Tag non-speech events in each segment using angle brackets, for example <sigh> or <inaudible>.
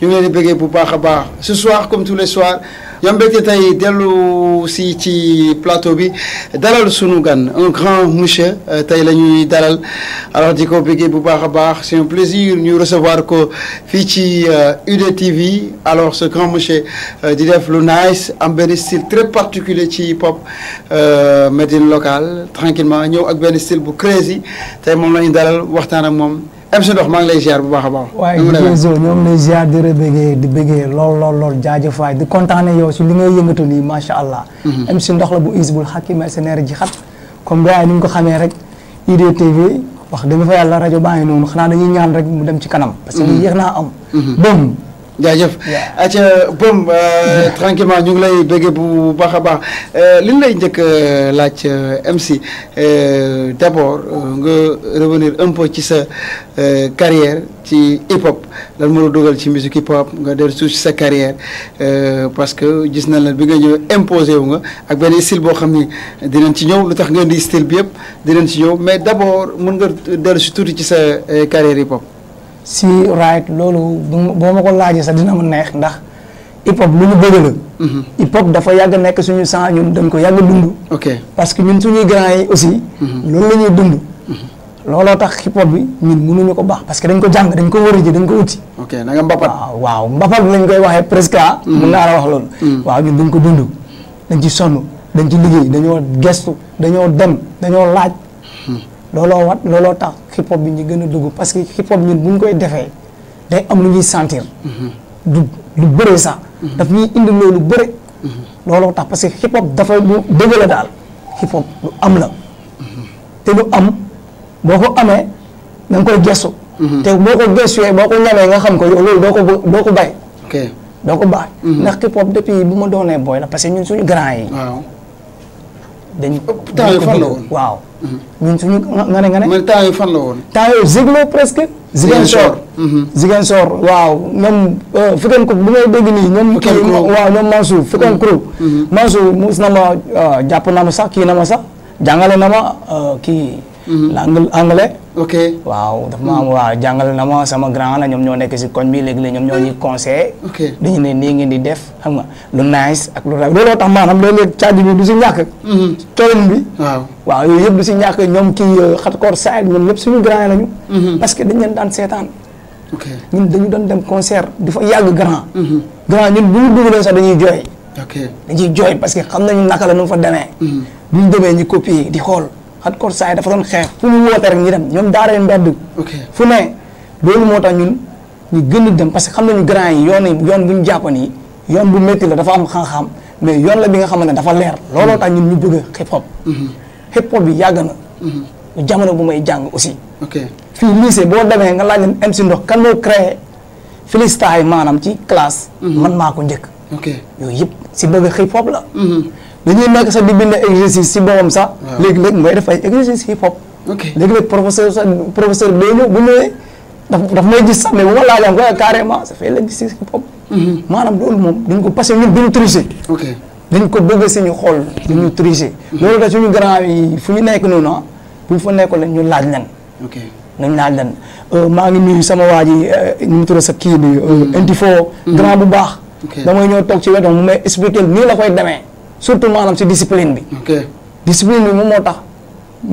Nous ngi leen pour bëggee baax ce soir comme tous les soirs ñoom mbégte tey dellu si ci plateau bi dalal sunu gan un grand monsieur euh, tey la ñuy dalal alors di ko bëggee pour baax baax c'est un plaisir ñu recevoir ko Fichi ci euh, TV. alors ce grand monsieur euh, di def lu nice am style très particulier ci pop médine locale tranquillement nous ak un style bu crazy tey moom la dalal waxtaan Mom. MC Dox maa ngi lay ziar bu baax a baax. waaye Diézo ñoo ngi lay ziar di rebégee di bégee lool lool lool jaajëfaay di kontaane yow si li ngay yëngatu nii macha allah. MC mm-hmm. Ndox la bu Isbul Hakim mercenaire ji xat comme gars yi ni ñu ko xamee rek IDTV wax dëgg fa yàlla rajo baa ngi noonu xanaa dañuy ñaan rek mu dem ci kanam. parce que mm-hmm. yéex naa am. Mm-hmm. jaajëf aca bom euh, <laughs> tranquillement ñu ngi lay bëgge bu baax a baax euh, li ñu lay njëkk euh, laaj MC d'abord nga revenir un ci sa carrière ci hip hop lan moo la ci musique hip hop nga dellu suuf ci sa carrière parce que jis nañ la bi nga ñëw imposé wu nga ak benn style boo xam ni dinañ ci ñëw lu tax ngeen di style bi yëpp dinañ ci ñëw mais d'abord mun nga dellu si tuuti ci sa carrière hip hop si right loolu boo ma ko laajee sax dina ma neex ndax hip hop lu ñu bëgg la. Mm-hmm. hip hop dafa yàgg nekk suñu saa ñun dañ ko yàgg dund. ok parce que ñun suñuy grand yi aussi. Mm-hmm. loolu la ñuy dund. Mm-hmm. looloo tax hip hop bi ñun mënuñu ko baax parce que dañ ko jàng dañ ko war a ji dañ ko uti. ok na nga mbapat waaw waaw mbapat lañ koy waxee presque. Ah. mën naa la wax loolu. waaw ñun dañ ko dundu dañ ci sonn dañ ci liggéey dañoo gestu dañoo dem dañoo laaj. looloo wat looloo tax hip hop bi ñu gën a dugg parce que hip hop ñun bu ñu koy defee day am lu ñuy sentir. du lu bëree sax. daf ñuy indi loolu bëri. looloo tax parce que hip hop dafa lu dëgg la daal hip hop am la. te am boo ko amee da koy gestu. te boo ko gestuwee boo ko ñamee nga ko yow loolu doo ko doo ko bàyyi. doo ko bàyyi. Mhm. ndax hip hop depuis bu ma doonee booy la parce que ñun suñu grand yi. dañ temps yi fan la woon nga ne nga ne. man temps yi fan la woon. temps presque. Ziguinchor Ziguinchor mhm. waaw ñoom euh, Feken Kru bi ngay dégg nii ñoom. kii waaw ñoom Mansour Feken Kru. Mhm. Mhm. na ma euh, jàpp na ma sax kii na ma sax jàngale na ma euh, kii. l'anglais. ok waaw dafa ma am hmm. waaw jàngal na ma sama grand la ñoom ñoo nekk si koñ bi léegi-léegi ñoom ñoo ñuy hmm. conseillé. ok dañu ne nii ngeen di def xam nga lu nice ak lu rafet looloo tax maanaam léeg hmm. euh, concert dañuy jooy. dañuy jooy parce que xam nañu naka la nu fa demee. bu ñu demee ñu copier di xool. hardcore saa yi dafa doon xeex fu mu ñu loolu moo tax ñun ñu gën a dem parce que xam nañu grand yi yoon yoon bu ñu jàppoon yi yoon bu métti la dafa am xam-xam mais yoon la bi nga xamante ne dafa leer mhm. looloo tax ñun ñu bëgg a hip hop mhm. hip hop bi yàgg na mhm. jamono bu may jàng aussi fii lycée boo demee nga laaj leen MC Ndox kan moo créé freestyle maanaam ci classe man maa ko njëkk yooyu yëpp si bëgg hip hop la li ñuy nekk sax di bind exercice si boppam sax. léegi léegi ngay def ay exercice hip hop. ok léegi nag professeur sax bu ñëwee daf daf may gis sax mais bu ma laajee nga carrément sa fait l'exercice hip hop. Mhm. maanaam loolu moom dañ ko passé ko bëgg ñu xool. duñu mhm. tricher. Mhm. loolu da suñu grand nekk noonu ah bu ñu fa nekkoon laaj leen. ok nañ laaj leen euh, maa ngi nuyu sama waa ji ñu euh, sa kii bi. intifo. Euh, bu baax. damay ñëw toog ci wetam mu may expliquer nii la koy demee. surtout maanaam si discipline bi. discipline bi moom moo tax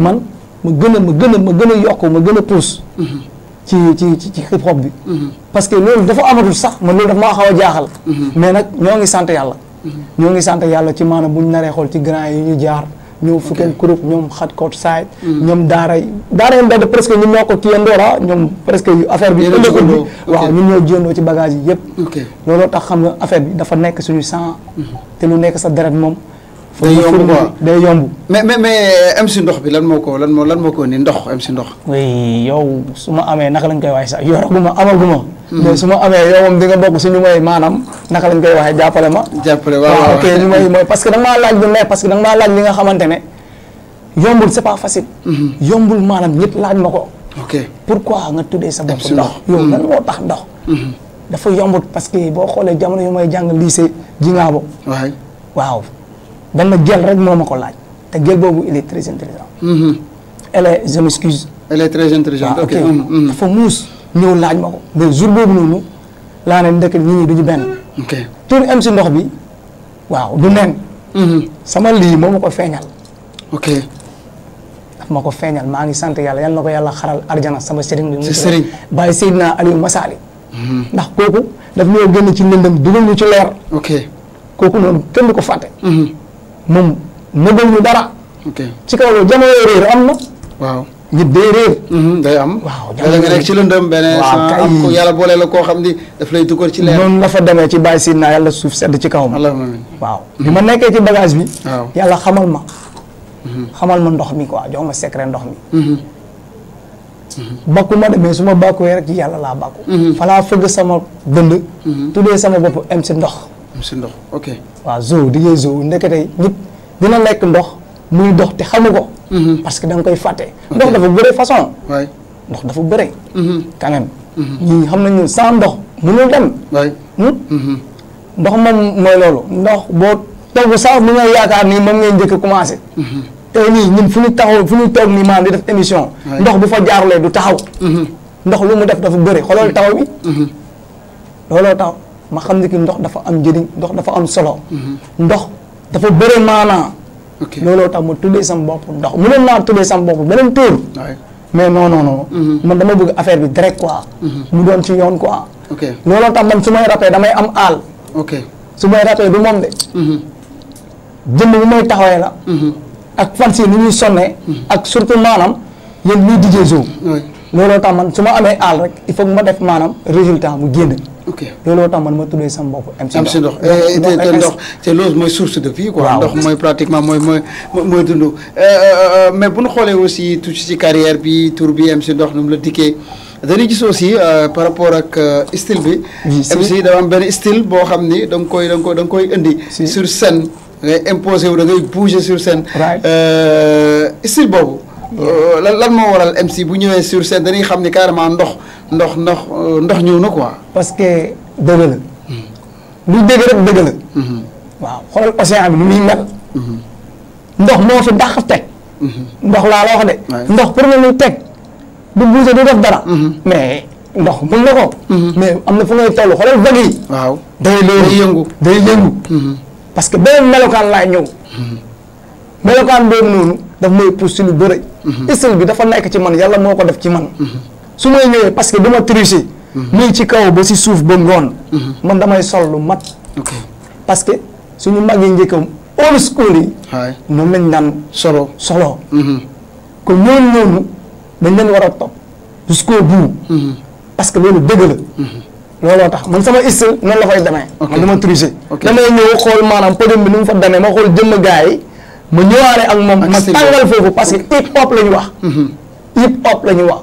man ma gën a ma gën a ma gën a yokk ma gën a pousse. Mhm. ci ci ci hip hop bi. Mhm. parce que loolu dafa amatul sax man loolu dafa maa xaw a jaaxal. Mhm. mais nag ñoo ngi sant yàlla. ñoo ngi sant yàlla ci maanaam bu ñu naree xool ci grand yi ñu jaar. ñoom fukkeen kurub ñoom xat court side ñoom daaray daaray mbedd presque ñun ñoo ko kiyandoo la ah, ñoom presque yu affaire bi ëllëgoon bi waaw ñun ñoo jiyandoo ci bagage yi yëpp looloo tax xam nga affaire bi dafa nekk suñu sang mm-hmm. te lu nekk sa deret moom day yomb quoi day yomb. mais mais mais eh, MC Ndox bi lan moo ko lan moo lan moo ko ni ndox MC Ndox. oui yow su ma amee naka lañ koy waxee sax yoraguma amaguma. Hmm. mais su ma amee yow moom di nga bokk si ñu may maanaam naka lañ koy waxee jàppale ma. jàppale waaw waaw ok ñu may mooy parce que da nga maa laaj bu ne parce que da nga maa laaj li nga xamante ne yombul c'est pas facile. Hmm. yombul maanaam ñëpp laaj ma ko. ok pourquoi nga tuddee sa bopp ndox. yow hmm. lan moo tax ndox. dafa yombut parce que boo xoolee jamono yu may jàng lycée ji ngaa bo waaw. benn gel rek moo ma ko laaj te gel boobu il est très intelligent. Mm-hmm. elle est je m'excuse. elle est ah, ok mm-hmm, mm-hmm. dafa muus laaj ma ko. mais boobu noonu laa ne ndekk nit ñi duñu benn. ok tur si ndox bi waaw du nen. sama lii moom ma ko feeñal. ok. daf ma maa ngi sant yàlla yal na ko yàlla xaral arjana sama sëriñ bi. sëriñ bàyyi Seydina Aliou Massali. ndax kooku daf ñoo génn ci lëndëm dugal ñu ci leer. ok kooku noonu kenn ko fàtte. moom nëbal ñu dara. ci kaw loolu jamono réer am na. waaw nit day réer. Mhm, day am waaw jamono ci lëndëm beneen. waaw yàlla boole la koo xam ni daf lay tukkal ci leer. noonu la fa demee ci bàyyi si naa yàlla suuf sedd ci kawam. waaw bi ma nekkee ci bagage yàlla xamal ma. Mhm. xamal ma ndox mi quoi jox ma secret ndox mi. Mhm. bakku ma de mais su ma bakkuwee rek ci yàlla laa bakku. fa laa fëgg sama dënd. tuddee sama bopp am si ndox. si ndox ok. waaw zoo di ngay zoo ndekete nit dina lekk ndox muy dox te xamu ko. Mhm. parce que da nga koy fàtte. ndox dafa bëre façon. ndox dafa bëre. Mhm. quand même. Mhm. ñii xam nañu sans ndox mënul dem. Hmm? ndox moom mooy loolu ndox boo togg sax mu ngay yaakaar nii moom ngay njëkk commencé. tey nii ñun fu ñu taxaw fu ñu toog nii maanaam di def émission. ndox bu fa jaarlee du taxaw. ndox lu mu def dafa bëre xoolal taxaw bi. looloo taxaw. ma xam ne ki ndox dafa am njëriñ ndox dafa am solo. ndox dafa bëri maanaa. ok looloo tax ma tuddee sama bopp ndox mu mënoon naa tuddee sama bopp beneen tur. mais non non mhm. man dama bëgg affaire bi direct quoi. Mhm. mu doon ci yoon quoi. ok looloo tax man su damay am aal. su may rappee du moom de. Mhm. jëmm bu may taxawee la. ak fan si ak surtout maanaam yéen ñuy DJ Zo. looloo su ma amee aal rek il faut ma def maanaam résultat mu génn. ok looloo tax man ma tuddee sama bopp MC Ndox. MC eh, eh, Ndox te ndox te loolu mooy source de vie quoi. ndox mooy pratiquement mooy mooy mooy dund. Eh, mais bu ñu xoolee aussi tuuti ci carrière bi tour bi MC Ndox nu mu la dikkee dañuy gis aussi euh, par rapport ak euh, style bi. MC dafa am benn style boo xam ni da nga koy da koy da nga koy indi. sur scène ngay imposé wu da ngay bouger sur scène. Euh, style boobu. Euh, lan lan moo waral MC bu ñëwee sur scène dañuy xam ni carrément ndox ndox ndox euh, ndox ñëw na quoi. parce que dëgg la. lu dëgg mhm. waaw xoolal océan bi nu muy mel. Mhm. ndox moo fi dàq teg. Mhm. ndox laa la wax de. ndox pour nga muy teg du bouse du def dara. mais ndox mën na mais am na fu ngay toll xoolal vague yi. waaw day yëngu day yëngu. parce que beneen melokaan laa ñëw. melokaan boobu noonu. daf may pousse ci lu bëri. Mhm. style bi dafa nekk ci man yàlla moo ko def ci man. Mhm. su may ñëwee parce que dama tricher. Mhm. muy ci kaw ba si suuf ba ngoon. man damay sol lu mat. parce que suñu mag yi njëkk old school yi. moom lañ daan solo solo. kon ñooñu ñooñu dañ leen war a topp jusqu'au bout. parce que loolu dëgg looloo tax man sama style noonu la fay demee. man dama tricher. damay ñëw xool maanaam podium bi ni mu fa demee ma xool jëmm gaa yi. ma ñëwaale ak moom ma tàngal foofu parce que mm-hmm. hip hop la ñu wax mm-hmm. hip hop la ñu wax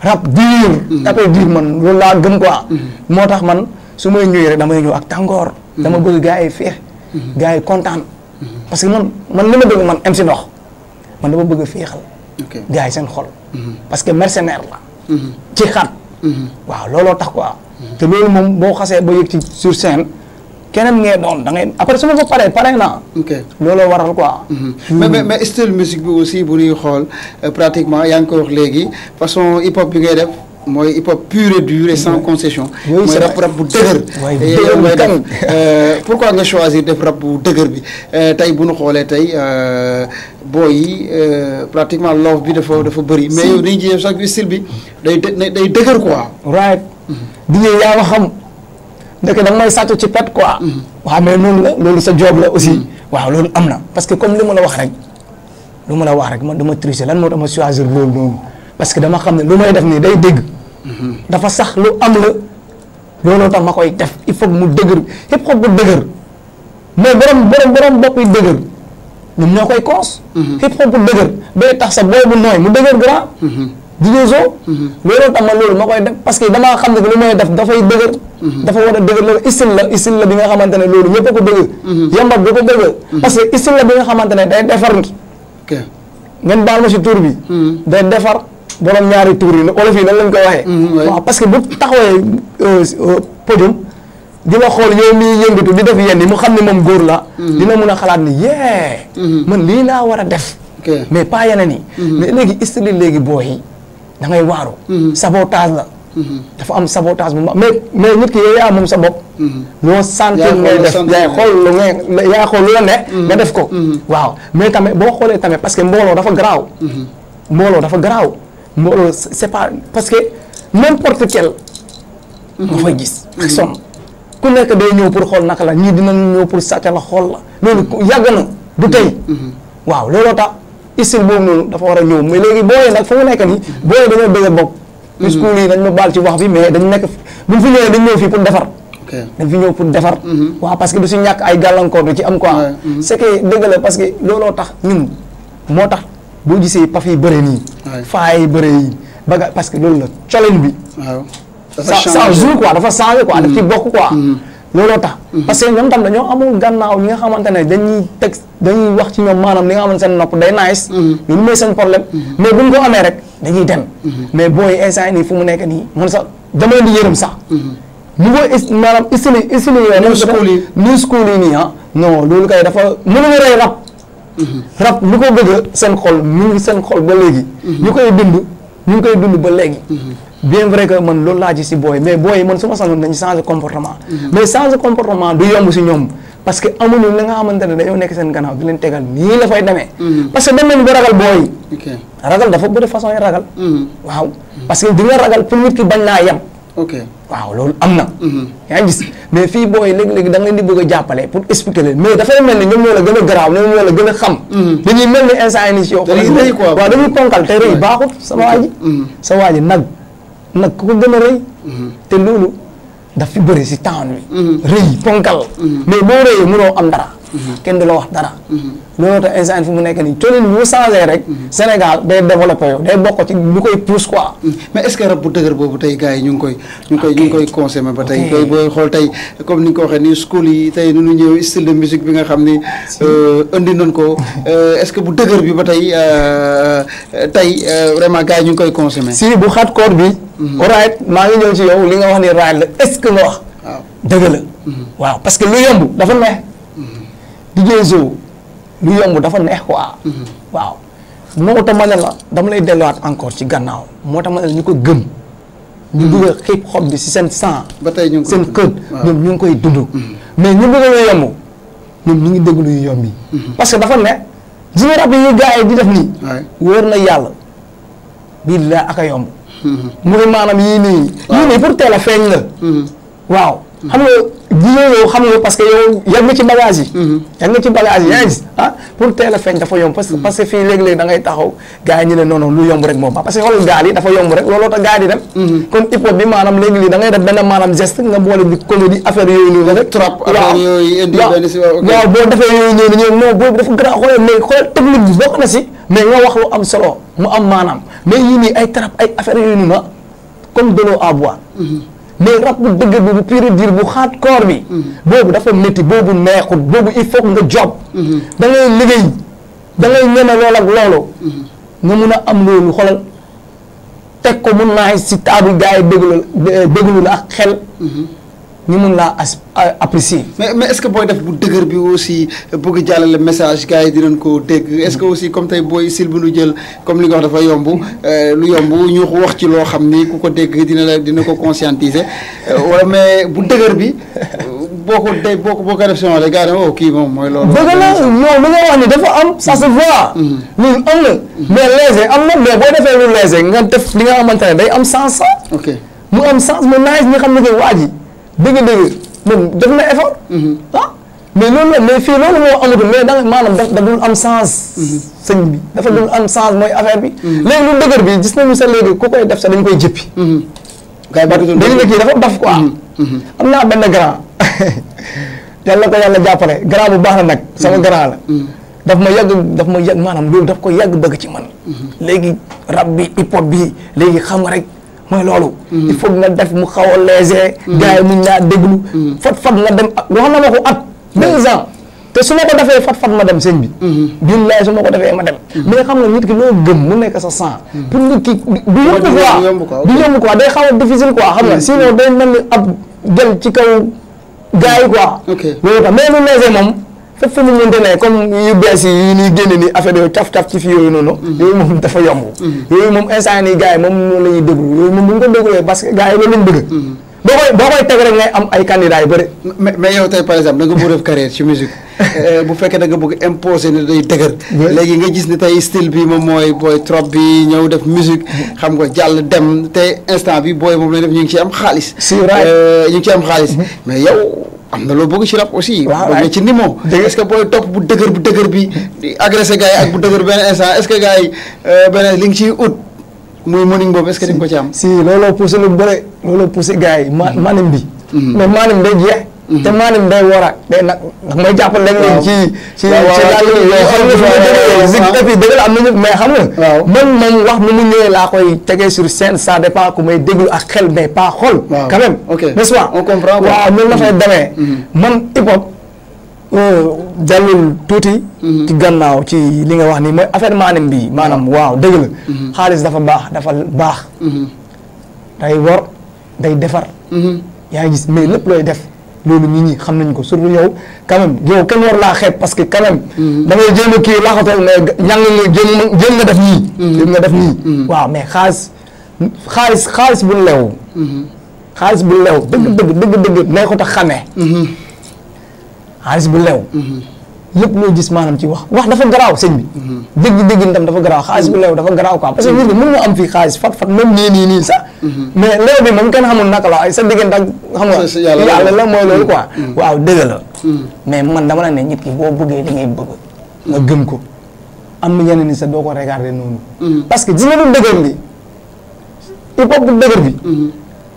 rap dur mm-hmm. après dur man loolu laa gëm quoi moo tax man su may ñëwee rek damay ñëw ak tàngoor dama bëgg gaa yi feex gars yi kontaan parce que man man li ma bëgg man MC Ndokh man dama bëgg a féexal gars yi seen xol parce que mercenaire la ci xat waaw looloo tax quoi te loolu moom boo xasee ba yëg ci sur keneen ngay doon da ngay après su ma fa paree pare naa. ok waral quoi. Mhm. mais mais mais style musique bi aussi bu ñuy xool euh, pratiquement yaa ngi ko wax léegi façon hip hop bi ngay def. mooy hip hop pur et dur et sans concession. mooy rap rap bu dëgër. waay dëgër def euh, nga choisir def rap bu dëgër bi euh, tey bu nu xoolee tey booy yi pratiquement love bi dafa dafa bëri. mais yow dañuy jéem sax style bi day day dëgër quoi. right. Mhm. di yaa wax xam. ndeke da nga may sàcc ci pet quoi. Mm-hmm. waaw mais noonu la loolu sa job la aussi. Mm-hmm. waaw loolu am na parce que comme li ma la wax rek lu ma la wax rek man dama tricher lan moo dama choisir loolu noonu parce que dama xam ne lu may def nii day dégg. Mm-hmm. dafa sax lu am la looloo tax ma koy def il faut mu dëgër hip hop bu dëgër mais borom borom borom bopp yi dëgër ñoom ñoo koy koos. hip hop bu dëgër day tax sa boobu nooy mu dëgër grand. jigéen soo. Mhm. looloo tax ma loolu ma koy def parce que damaa xam ne que lu may def dafay dëgër. Mhm. dafa war a dëgër loolu style la style la bi nga xamante ne loolu ñëpp a ko dëgër. Mhm. yambar bi ko dëgër. parce que style la bi nga xamante ne day defar. ok ngeen baal ma si tur bi. day defar borom ñaari tur yi olof yi nan lañ koy waxee. waaw parce que bu taxawee euh, euh, podium di la xool yow miy yëngatu di def yenn mu xam ne moom góor la. dina mun a xalaat ni yee. man lii laa war a def. mais pas yeneen yi. mais léegi style léegi booy da ngay waaru. Mm-hmm. sabotage la. Mm-hmm. dafa am sabotage moom ma mais mais nit ki yow yaa moom sa bopp. Mm-hmm. loo sentir ngay def xool lu ngay yaa xool lu la nga def ko. waaw mais tamit boo xoolee tamit parce que mbooloo dafa garaaw. mbooloo dafa garaaw mbooloo c'est pas parce que n'importe quel. nga fa gis. xisam ku nekk day ñëw pour xool naka la ñii dinañ ñëw pour sàcc la xool la loolu yàgg na du tey. waaw looloo tax. style boobu noonu dafa war a ñëw mais léegi booyee nag fu nekk nii booyee dañoo bëgg a bokk hmm. school yi dañ ma baal ci wax bi mais dañ nekk buñ fi ñëwee dañ ñëw fii pour defar dañ fi ñëw pour defar hmm. waa parce que du ñàkk ay gàllankoor du ci am quoi hmm. c'est que dëgg la parce que looloo tax ñun moo tax boo gisee paf yi bëre nii faa yi bëre yi baga que loolu la challenge bi ça ça joue quoi dafa changé quoi daf ci bokk quoi looloo tax. Mm-hmm. parce que ñoom tam dañoo amul gànnaaw ñi nga xamante ne dañuy teg dañuy wax ci ñoom maanam li nga xamante seen nopp day nice. Mm-hmm. ñu may seen problème. Mm-hmm. mais buñ ko amee rek dañuy dem. mais booy instant yii fu mu nekk nii man sax dama leen di yërëm sax. nouveau is maanaam isili isili yooyu. new school yi new school yi nii ah. non loolu kay dafa mënuñu rey rab. rab lu ko bëgg seen xol mu ngi seen xol ba léegi. ñu koy dund ñu koy dund ba léegi. bien vrai que man lool laa ci si booy mais booy man su ma sañoon dañu changer comportement. mais changer comportement du yomb si ñoom. parce que amuñu la nga xamante ne dañoo nekk seen gannaaw di leen tegal nii la fay mm-hmm. mm-hmm. waaw parce que di nga ragal pour nit waaw loolu am na. Mm-hmm. yaa ngi fii booy léegi-léegi leen di bëgg a jàppale pour expliquer leen mais mel ni ñoom ñoo gën a garaaw ñoom ñoo la gën a xam. dañuy mel ni instant yii nii si yow. dañuy rëy quoi dañuy ponkal te rëy baaxut sa waa sa waa nag. nag ku ko gën a rëy. Mm-hmm. te loolu daf fi bëri si temps bi. Mm-hmm. rëy ponkal. Mm-hmm. mais boo rëyee mënoo am dara. Mhm. kenn du la wax dara. Mhm. looloo tax instant fi mu nekk nii colin bu changé rek. Mhm. Sénégal day développé yow day bokk ci lu koy pousse quoi. mais est-ce que rab bu dëgër boobu tey gars yi ñu ngi koy. ñu ba tey. tey ni ko waxee nii school nu ñëw style de musique bi nga xam ni. Euh, indi nañ ko <laughs> euh, est-ce que bu dëgër bi ba tey euh, tey vraiment gars yi ñu ngi koy consommé. si bu hardcore bi. right maa ngi ñëw ci yow li nga wax ni right la est-ce que nga wax. waaw la. waaw parce que DJ Zo lu yomb dafa neex quoi. Mhm. waaw moo tax ma ne la dama lay delluwaat encore ci gannaaw moo tax ma ne la ñu ko gëm. ñu dugal mhm. hip hop bi si seen sang. ba tey ñu seen kër ñoom ñu ngi koy dund. Mhm. mais ñu bëgg lu ñu ngi dégg lu yomb parce que dafa ne gis nga rab yi gars yi di def nii. wóor la a yomb. mu ne yii nii. yii nii pour teel a feeñ la. waaw. xam nga jigéen yow xam nga parce que yow yàgg nga ci bagage yi. Mhm. yàgg nga ci bagage yi yaa mhm. ah, ngi pour teel a feeñ dafa yomb. parce que mhm. parce que fii léeg-léeg da ngay taxaw gars yi ñu ne non non lu yomb rek moom parce que xoolal gaal yi dafa yomb rek looloo tax gaal yi dem. kon hip hop bi maanaam léegi lii da ngay def benn maanaam geste nga boole bi comédie affaire yooyu noonu rek. trop affaire yooyu noonu a ah, xoolal léegi xoolal na affaire yooyu noonu comme de l'eau à mais rab bu dëgg bi bu pure dire bu xaat koor bi mm-hmm. boobu dafa métti boobu neexut boobu il nga job mm-hmm. da ngay liggéey da ngay ñeme lool ak loolu mm-hmm. nga mun a am loolu xoolal teg ko mun naa si table gars yi déglu déglu la ak xel ñu mun laa as apprécier. mais mais est ce que booy def bu dëgër bi aussi bëgg jàllale message gars yi dinañ ko dégg est ce que aussi comme tey booy sil bu jël comme li nga wax dafa yomb euh, lu yomb ñu wax ci loo xam ni ku ko dégg dina la dina ko conscientiser euh, wala mais bu dëgër bi boo ko dee boo ko boo ko def si maanaam gars oh, moom mooy loolu. dëgg la non li nga wax ni dafa am mm-hmm. na. mais léger am na boo defee lu léger nga def li nga xamante ne day am sens. Ah. ok mu am sens mu naaj ñi xam ne que waa ji dëgg-dëgg moom def na effort. Mhm. ah mais loolu la mais fii loolu moo amatul mais da nga maanaam da dul am sens. Mhm. sëñ bi dafa dul am sens mooy affaire bi. Mhm. léegi lu dëgër bi gis nañu sa léegi ku koy def sa dañ koy jëppi. kay ba dañu ne kii dafa daf ko am naa benn grand <laughs> yàlla ko yàlla jàppale grand bu baax na nag. sama grand la. daf ma yàgg daf ma yàgg maanaam loolu daf ko yàgg bëgg ci man. léegi rab bi hip hop léegi xam nga rek. mooy loolu. Mm-hmm. il faut nga def mu xaw a léger. Mm-hmm. gars yi muñ mm-hmm. fat fat nga dem wax na ma ko at. deux ans te su ma ko defee fat fat ma dem sëñ bi. billaay su ma ko defee ma dem. mais xam nga nit ki loo gëm mu nekk sa sang. pour nit ki du yomb quoi du yomb quoi day xaw a difficile quoi xam nga sinon day mel ab gel ci kaw gars yi quoi. ok loolu mais lu léger moom. fépp fu mu mënte ne comme yu bees yi yu génne ni affaire yooyu taf-taf ci fi yooyu noonu mhm. yooyu moom dafa yomb mhm. yooyu moom instant nii gars yi moom noonu la ñuy yooyu moom bu ñu ko dégluwee parce que gars yi loolu lañ bëgg mhm. boo koy boo koy rek ngay am ay candidats yu bëri mais yow tey par exemple da nga bëgg def carrière ci musique <laughs> euh, bu fekkee da bëgg imposer ne day dëgër léegi nga gis ni tey style bi moom mooy booy trop bi ñëw def musique xam nga jàll dem te instant bi booy moom ñu ngi ci am xaalis euh, ñu ngi ci am xaalis mm-hmm. mais yow am na loo bëgg ci rap aussi. waaw ay ci ndimo. est ce que booy topp bu dëgër bu dëgër bi di agressé gars yi ak bu dëgër benn instant est ce que gars yi euh, benn li nga boobu est ce que ko ci am. si looloo poussé lu bëre looloo poussé gars yi. ma mm-hmm. maanaam bi. Mm-hmm. mais maanaam day jeex. te Malick day waraat day nag ndax may jàpp léeg-léeg. ci ci ci daal xam ne fi la am xam nga. man moom wax nu mu ñëwee laa koy tege sur scène ça dépend ku may déglu ak xel mais pas xol. quand même ok n'est-ce pas mm-hmm. Mm-hmm. man hip hop euh, jàllul tuuti. Mm-hmm. ci gannaaw ci li nga wax nii mooy affaire maanaam bii maanaam waaw dëgg la. xaalis dafa baax dafa baax. day wor day defar. yaa ngi gis lépp looy def. loolu nit ñi xam nañ ko surtout yow quand même yow kenn war laa xeeb parce que quand même. Mm-hmm. da ngay jéem a kii laaxatal mais ñàng nga jéem jéem nga def nii. Mm-hmm. jéem nga def nii. Mm-hmm. waaw mais xaalis xaalis xaalis bu lew. xaalis bu lew dëgg dëgg dëgg dëgg. nay ko xaalis bu lew. lépp loo gis maanaam ci wax wax dafa garaaw sëñ bi. dégg dégg tam dafa garaaw xaalis bu leew dafa garaaw quoi parce que mbir mi mën nii mais leew bi moom kenn xamul sa diggante ak. xam nga yàlla la mooy loolu quoi. Mm. Mm. waaw dëgg la. Mm. mais man dama la ne nit ki boo bëggee li ngay ko am na yeneen ni sax doo ko regarder noonu. parce que gis nga du dëgër bi hip hop du dëgër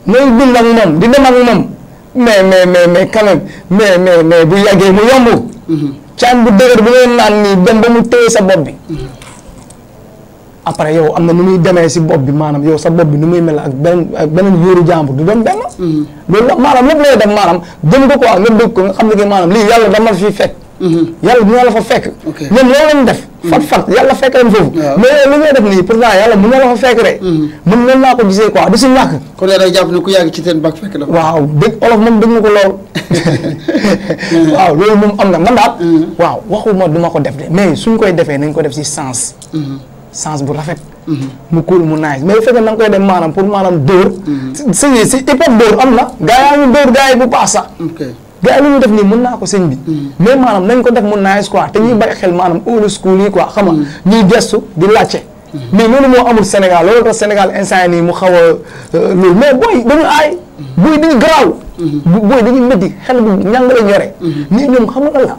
moom di dem ak moom mais mais mais mais quand même mais mais mais bu yàggee mu yomb. Mm-hmm. caan bu dëgër bu ngay naan nii dem ba mu téye sa bopp bi après yow am na nu muy demee si bopp bi maanaam yow sa bopp bi nu muy mel ak benn ak beneen yóoru jàmbur du doon benn mm-hmm. loolu maanaam lépp lay def maanaam gëm ko quoi nga dëgg ko nga xam ne que maanaam lii yàlla dama fi fekk yàlla bu la fa fekk. ñoom loolu lañ def. Mm-hmm. fat fat yàlla fekk leen foofu. mais li ngay def nii pourtant yàlla bu la fa fekk de. Mm-hmm. man noonu naa ko gisee quoi du si ñàkk. kon nag day ci seen bàq fekk la. waaw dégg olof moom dégg nga ko lool. Mm-hmm. waaw loolu moom am na man daal. waaw waxuma duma ko def de mais suñ koy defee nañ ko def si sens. sens bu rafet. mu kuul mu naaj mais bu fekkee na nga koy dem maanaam pour maanaam dóor. si si dóor am na. gaa yaa ngi dóor gaa yi bu baax gars yi lu ñu def nii mën naa ko sëñ bi mm. mais maanaam ko def mu nice quoi te ñuy bàyyi xel maanaam old school yi quoi xam nga mm. ñuy gestu di laajte mm. mais loolu moo amul Sénégal loolu tax Sénégal instant nii mu xaw a euh, loolu mais booy dañu aay booy dañu garaaw booy dañu métti xel bu ñàng la ñore nii ñoom xam nga la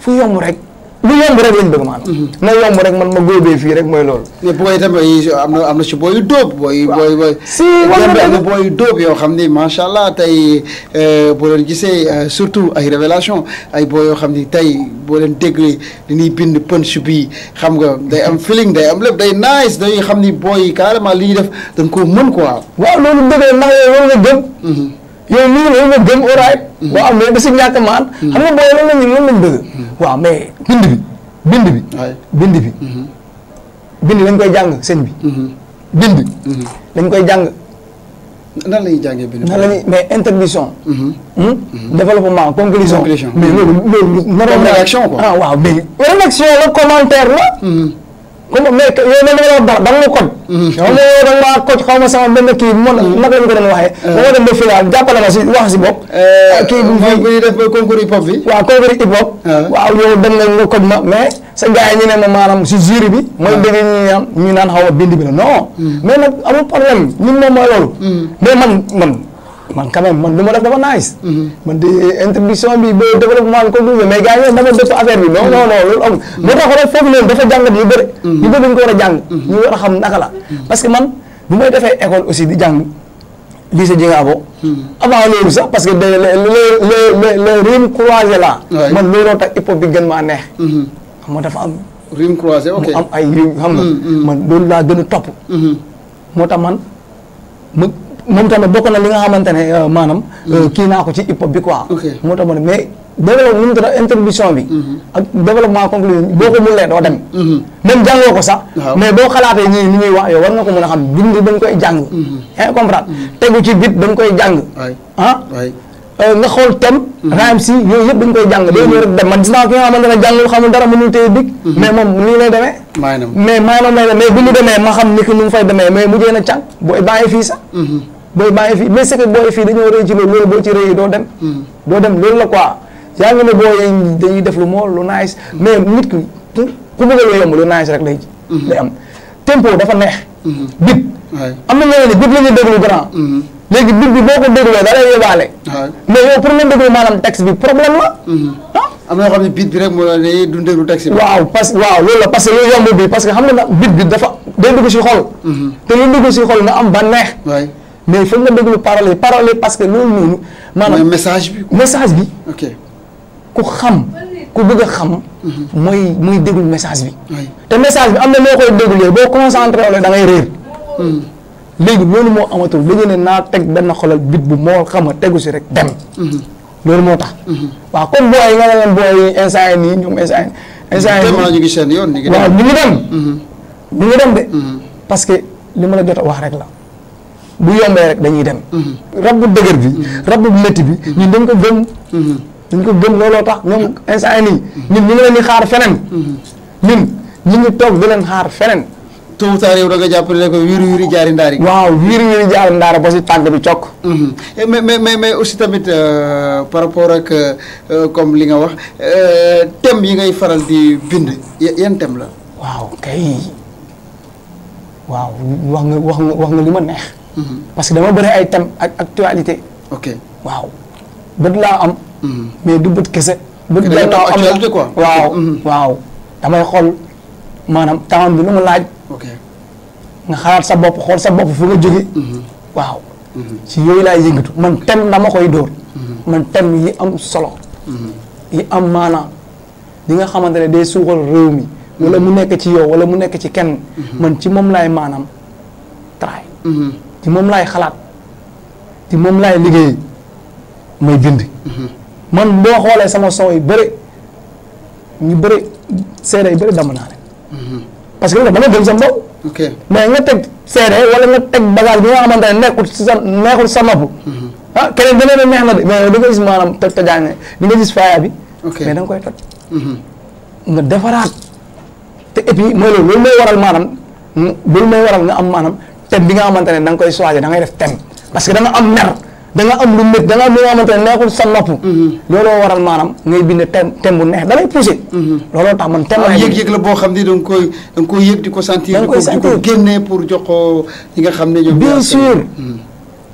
fu yomb rek lu yomb rek lañ bëgg maanaam. Mhm. na man ma góobee fii rek mooy lool mais booy itam am na am na si booyu dóob. booy booy booy. si wàllu yoo xam ni macha allah tey euh, boo leen gisee euh, surtout ay révélation ay booy yoo xam ni tey boo leen déggee dañuy bind punch bi xam nga day am feeling day am day nice dañuy xam ni booy carrément li ñuy def dañ koo mën quoi. waaw loolu dëgg la ndax yow loolu yow lii loolu nga gëm au right boo am mm-hmm. mais da si ñàkk maan mm-hmm. xam nga booy loolu la ñu loolu lañ bëgg mm-hmm. waaw mais bind bi bind bi bind bi bind dañ koy jàng sëñ bi bind dañ koy jàng na la ñuy jàngee bind nan la ñuy mais introduction hmm? développement conclusion mais loolu loolu rédaction quoi ah waaw mais rédaction la commentaire la comme mais yow loolu la dara da nga ko kon. xam nga yow da nga maa bi moom naka lañ ko doon mm-hmm. ba ma dem ba fii ma si wax si bopp. Eh, bi mooy bu ñuy def concours ah. waaw yow dem nga nga coach ma mais sa gars yi ñu ne ma maanaam si jury bi. mooy ah. dégg ñu naan ñu naan xaw ma bind bi la non. Mm. mais nag amul problème ñun moom mooy loolu. Mm. man man. man quand même man lu ma def dafa nice. Mm-hmm. man di eh, introduction bi ba développement bi comme mais bi non non non loolu amul. Mm-hmm. moo tax mm-hmm. a jàng. ñu war a xam la. parce que man bu may defee école aussi di jàng lycée Djignabo. avant loolu sax parce que le le le le man looloo tax hip maa neex. xam nga dafa am. rime croisé ok mu am ay rime xam nga. laa gën a topp. moo tax man ma. moom tamit bokk na li nga xamante ne euh, maanaam. Mm-hmm. Euh, kii naa ko ci hip hop bi quoi. moo tax ma ne mais développement nu mu bi. Mm-hmm. ak développement conclusion boo ko mënulee doo dem. Mm-hmm. même jàngoo ko sax. mais boo xalaatee ñii ni ñuy wax yow war nga ko mën a xam bind dañ koy jàng. yaa ngi comprendre tegu ci bit dañ koy jàng. ah. Euh, nga xool thème mhm. rams yi yooyu yëpp dañ koy jàng day ñëw man gis naa ki nga xamante ne jàngul xamul dara mënul téye big mhm. mais moom nii lay demee xam ni ki mais mujjee na càng booy bàyyi fii sax mhm. doo dem doo dem loolu la quoi yaa ngi ne booy dañuy def lu moo lu nice mais nit ki ku bëgg lu yomb lu nice rek lay dafa neex bit am na ñeneen ne bit la ñuy déglu grand léegi biir bi boo ko dégloo da lay yóbbaale. mais yow pour nga déglu maanaam texte bi problème la. Mhm. Ah. am na yoo xam ne biit bi rek moo la ne déglu texte waaw parce que waaw loolu la parce que loolu yomb bi parce que xam nga biit bi dafa day dugg si xol. Mhm. te lu dugg si xol nga am ba neex. mais foog nga déglu parole yi parole que loolu noonu. maanaam message bi. message bi. ku xam ku bëgg a xam. Mhm. mooy mooy déglu message bi. te message bi am na noo koy déglu boo concentré wala da ngay réer. léegi loolu moo amatul dañu ne naa teg benn xolal bit bu moo xam a tegu si rek dem. Mm-hmm. loolu moo tax. Mm-hmm. waaw comme booy nga leen booy yi instant ñoom instant yii. instant yii ñu seen yoon ñu ngi dem waaw ñu dem. ñu ngi dem mm-hmm. de. parce que li ma la jot wax rek la. bu yombee rek dañuy dem. rab bu dëgër bi. rab bu métti bi. ñun dañ ko gëm. dañ ko gëm looloo tax ñoom instant yii nii. ñun ñu ngi leen xaar feneen. ñun ñu ngi toog di leen xaar feneen. tôt ou tard yow lagi, nga jàpp ne dari. Wow, wiiri jaari ndaari dari, wiiri wiiri jaari ndaara ba si tànk bi cokk mais mais mais mais aussi tamit par rapport ak comme li nga wax faral di bind yang thème la waaw kay waaw wax nga wax nga wax Pas li ma beri item aktualite. Oke. bëri ay thème ak actualité ok waaw bët am mais du bët kese bët laa am quoi waaw waaw damay xool maanaam temps bi lu laaj nga xalaat sa bopp xool sa bopp fu nga jóge mhm. waaw ci mhm. yooyu laay yëngatu man tem dama koy dóor mhm. man tem yi am solo yi am maanaam li nga xamante ne day suuxal réew mi wala mu nekk ci yow wala mu nekk ci kenn man ci moom laay maanaam tray ci moom laay xalaat ci moom laay liggéey may bind man boo xoolee sama son yi bëri ñu bëri seere yi bëri damm naa leen parce que nga mën a jël sa bopp. nga teg seere wala nga teg bagage bi nga xamante ne nekkul sa neexul sa nopp. Mhm. ah keneen dana ne neex na de mais da nga gis maanaam toj tojaan di nga bi. mais da nga koy toj. Mhm. nga defaraat te et puis mooy mooy waral maanaam loolu mooy waral nga am maanaam thème bi nga xamante ne da nga koy choisir da ngay def thème parce que da am mer. da nga am lu métti da nga am lu nga xamante ne neexul sa nopp. Mm-hmm. looloo waral maanaam ngay bind thème thème bu neex da lay poussé. Mm-hmm. looloo tax man thème la yëg-yëg la boo xam ni da nga koy da nga koy yëg di ko sentir. da nga koy pour jox ko ñi nga xam ne ñoom. bien sûr mm-hmm.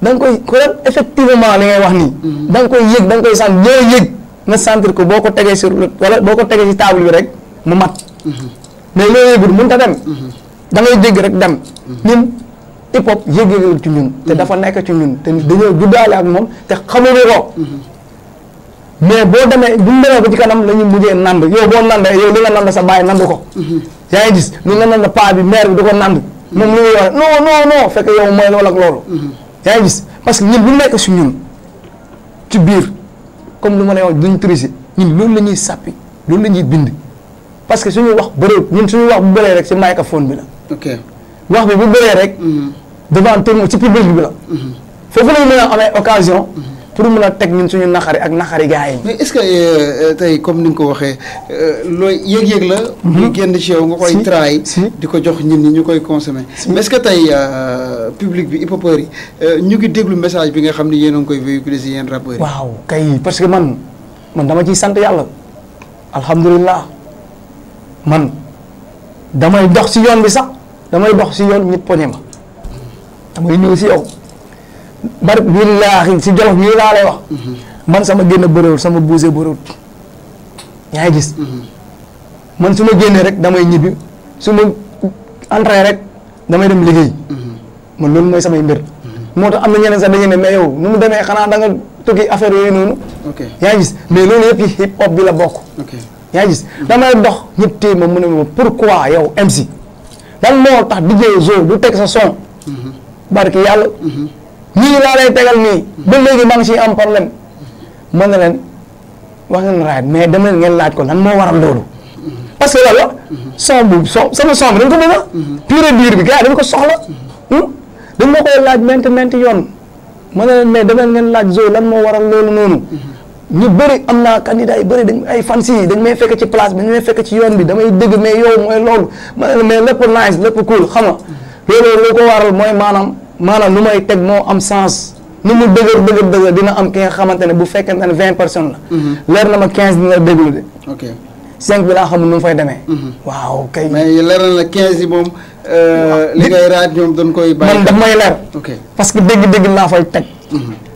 da nga koy ku ngay wax nii. da nga koy yëg da koy sant ñoo yëg nga sentir ko boo ko tegee sur wala boo ko tegee ci table bi rek mu mat. mais loo yëgul mënut a dem. da ngay dégg rek dem. hip hop yëge la ci ñun. te dafa nekk ci ñun te dañoo juddaale ak moom te xamuñu ko. mais boo demee bu ñu demee ci kanam la ñu mujjee nand yow boo nand yow li nga nand sa bàyyi nand ko. yaa ngi gis li nga nand paa bi mère bi da mooy loolu ak parce que ñun bu nekk su ñun ci biir comme lu ma lay wax duñ triser ñun loolu la ñuy sàppi loolu la ñuy bind parce que suñu wax bëree ñun suñu wax bu bëree rek ci microphone bi la. wax bi bu bëree rek. Mm-hmm. devant tout ci public bi la. Mm-hmm. foofu la ñu mën a amee occasion. Mm-hmm. pour mën a teg ñun suñu naxari ak naxari gars yi. mais est que euh, euh, tey comme ni nga ko waxee euh, looy yëg-yëg la. muy génn ci yow nga koy. traay di ko jox ñi ñi ñu koy consommer. mais est-ce que tey public bi hip ñu ngi déglu message bi nga xam ni yéen a ngi koy véhiculer si yéen rappeurs yi. waaw kay parce que man man dama ciy sant yàlla. alhamdulilah man damay dox ci yoon bi sax. damay dox si yoon nit poñe ma damay ñëw si yow bari billaahi si jolof ñii laa lay wax mm-hmm. man sama génn bëriwul sama buuse bëriwul yaa ngi gis mm-hmm. man su génnee rek damay ñibbi su ma entrée rek damay dem liggéey mm-hmm. man loolu mooy samay mbir moo tax am na ñeneen sax dañuy ne mais yow nu mu demee xanaa da nga tukki affaire yooyu noonu yaa ngi gis mais loolu yëpp yi hip hop bi la bokk yaa ngi gis damay dox ñëpp téye ma mu ne ma pourquoi yow MC lan moo tax DJ Zo du teg sa son. barki yàlla. ñii laa lay tegal nii. ba léegi maa ngi ciy am problème. mën na leen wax ngeen raay mais dem leen ngeen laaj ko lan moo waral loolu. parce que loolu son bu son sama son bi dañ ko bëgg a. pure biir bi gars dañ ko soxla. Hmm? dañ ma koy laaj ment ment yoon. mën na leen mais dem leen ngeen laaj Zo lan moo waral loolu noonu. ñu bëri am naa candidat yu bëri dañ ay fans yi dañ may fekk ci place bi dañ may fekk ci yoon bi damay dëgg mais yow mooy loolu mais lépp nice lépp cool xam nga loolu ko waral mooy maanaam maanaam lu may teg moo am sens nu mu dëggër dëgër dëgër dina am ki nga xamante ne bu fekkente ne vingt personnes la mm-hmm. leer na ma quinze dina déglu de cinq bi laa xamul nu mu fay demee. Mhm. waaw kay. mais leer na la quinze yi moom. Euh, ah, li ngay raad ñoom dañ koy. bàyyi man daf parce que dégg-dégg laa fay teg.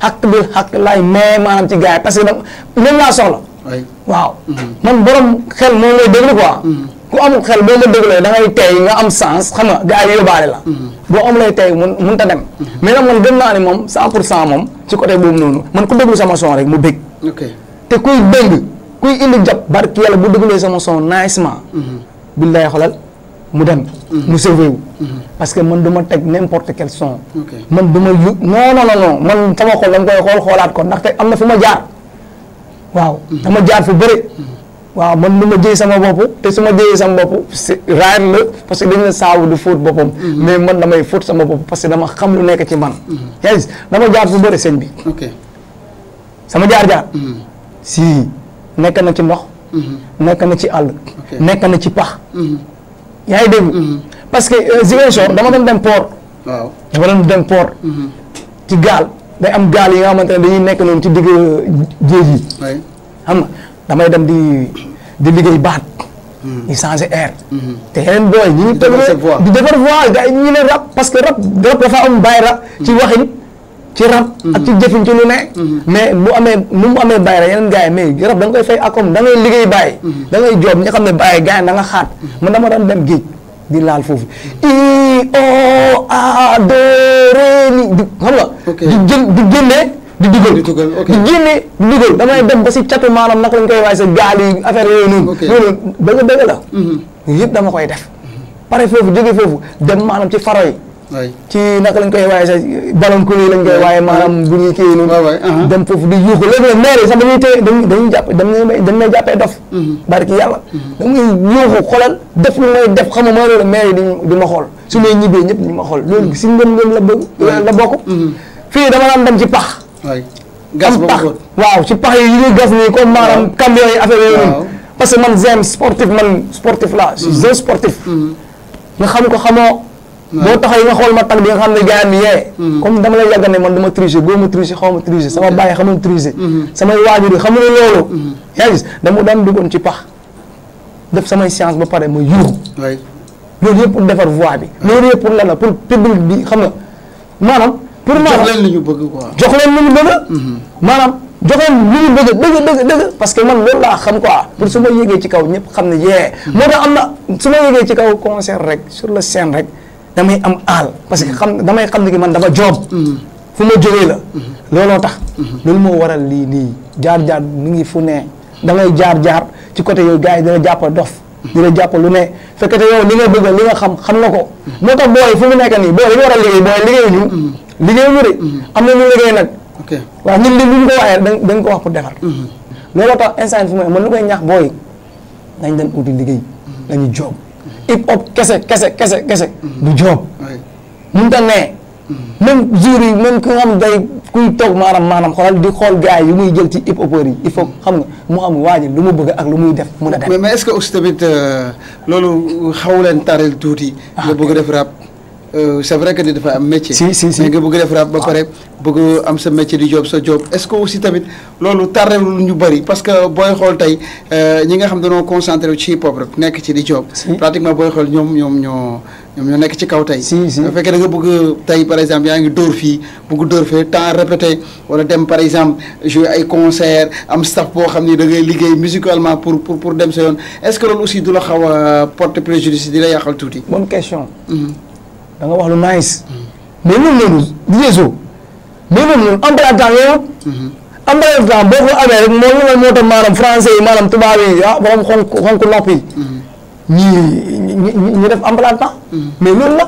xàq mhm. bi xàq laay may maanaam parce que nag loolu laa soxla. waaw. Mhm. man borom xel moom lay déglu quoi. ku xel boo ma déglee da ngay tey nga am sens xam nga gars yi la. boo amulee tey mun mënut a dem. mais nag man gëm naa ne moom cent pour cent moom ci côté boobu noonu man ku déglu sama son rek mu bég. ok te kuy dégg. kuy indi jàpp barke yàlla bu dégluwee sama son naajement. billaay xolal mu dem. mu sauvé wu. parce que man du teg n'importe quel son. man du ma yu non non non man sama xol dama koy xool xoolaat ko ndaxte am na fu ma jaar. waaw dama jaar fu bëri. waaw man du ma jëy sama bopp te su ma jëyee sama bopp c'est rare parce que dañ la saabu du fóot boppam. Mhm. mais man damay fóot sama bopp parce que dama xam lu nekk ci man. Mhm. yaa dama jaar fu bëri bi. sama jaar jaar. Mhm. si. nekk na ci ndox. Mhm. nekk na ci àll. nekk na ci pax. Mhm. yaa ngi dégg. Mhm. parce que euh, Ziguinchor dama doon dem poor waaw dama dem port. ci gaal day am gaal yi nga xamante ne dañuy nekk noonu ci digg euh, géej yi. xam nga damay dem di di liggéey baat. di changer air. te yeneen booy ñi ñu. di defar voix di defar voix gars yi ñu ne rap parce que rap rap dafa am bàyyi ci waxin. ci rab ak ci jëfin ci lu ne mm-hmm. mais amee nu mu amee bàyyi rek yeneen gars mais rab da nga koy fay akom da ngay liggéey bàyyi mm-hmm. dangay ngay joob ñi xam ne bàyyi gars yi da nga xaat mm-hmm. man dama doon dem géej di laal foofu di xam di jën di génnee di di dugal di génne di dugal damay dem ba si catu maanaam naka lañ koy waaye sa gaal yi affaire yooyu noonu yëpp dama koy def pare foofu jóge foofu dem maanaam ci faro yi ci naka lañ koy waaye sax ku lañ koy waaye maanaam bu ñuy kii noonu ah, ah, ah. dem di yuuxu léegi maire sax dañuy téye dañuy dof mhm. barki yàlla mhm. da ngay yuuxu xoolal def lu may def xam nga mooy loolu maire yi di ma xool su may ñibbee ñëpp dañu ma xool mhm. loolu si ngëm ngëm la bëgg fii dama naan dem ci pax gas pax waaw ci pax yi gas nii comme maanaam camion yi affaire yooyu parce man j'aime sportif man sportif la je sportif nga xam ko xamoo boo taxaw nga xool ma tag bi nga xam ne gars yi yee mm-hmm. comme dama lay yàgg ne man dama tricher góoma tricher xaw ma tricher sama bàyyi xam tricher mm-hmm. samay waajur yi xamuñu loolu mm-hmm. duggoon ci pax def samay science ba pare ma yuuxu loolu yëpp pour defar voix bi loolu yëpp pour lan la pour public bi xam nga maanaam pour maanaam jox leen li jox leen li ñu maanaam jox leen li ñu bëgg dëgg dëgg dëgg parce que man loolu laa xam quoi pour su ma yégee ci kaw ñëpp xam ne yee moo tax am na su ma yégee ci kaw concert rek sur le scène rek damay am aal parce que xam damay xam ne man dafa joob fu ma jógee la looloo tax loolu moo waral lii nii jaar-jaar mu ngi fu ne da ngay jaar-jaar ci côté yooyu gars yi dina jàpp dof dina jàpp lu ne fekkete yow li nga bëgg li nga xam xam na ko moo tax booy fu mu nekk nii booy li ñu war a liggéey booy liggéey ñu liggéey am na ñu liggéey nag waa ñun li ñu ko waxee da dañ ko wax pour defar mhm. looloo tax instant fu mu ne man lu koy ñaax booy dañ dem uti liggéey mhm. nañu joob hip hop kese kese kese kese. du mun mënut a ne. Mm. même jour yi même ku nga xam day kuy toog maanaam maanaam xoolal di xool gars yi muy jël ci hip hopeurs yi il faut xam nga mu am waa lu mu bëggee ak lu muy def mun a def. mais mais est-ce que euh, loolu xaw leen taril tuuti. Ah, nga bëgg def rap. Euh, c'est vrai que ni dafa am métier. si si si nga bëgg def rap ba ah. pare bëgg am sa métier di job sa job est-ce que aussi tamit loolu tàrrewul ñu bëri parce que booy xool tey euh, ñi nga xam dañoo concentré ci hip hop rek nekk ci di job. pratiquement booy xool ñoom ñoom ñoo ñoom ñoo nekk ci kaw tey. si si bu fekkee da nga bëgg tey par exemple yaa ngi dóor fii bëgg dóor fee temps répété wala dem par exemple jouer ay concert am staff boo xam ni da ngay liggéey musicalement pour pour pour dem sa yoon est-ce que la xaw a porter préjudice di la yàqal tuuti. bonne question. Mm-hmm. danga wax lu nice. mais loolu noonu DJ Sow mais loolu noonu emploi du temps yooyu. Mm-hmm. emploi du boo ko amee rek moo ñu moo tax maanaam français yi maanaam tubaab yi ah mm-hmm. def emploi mm-hmm. mais loolu la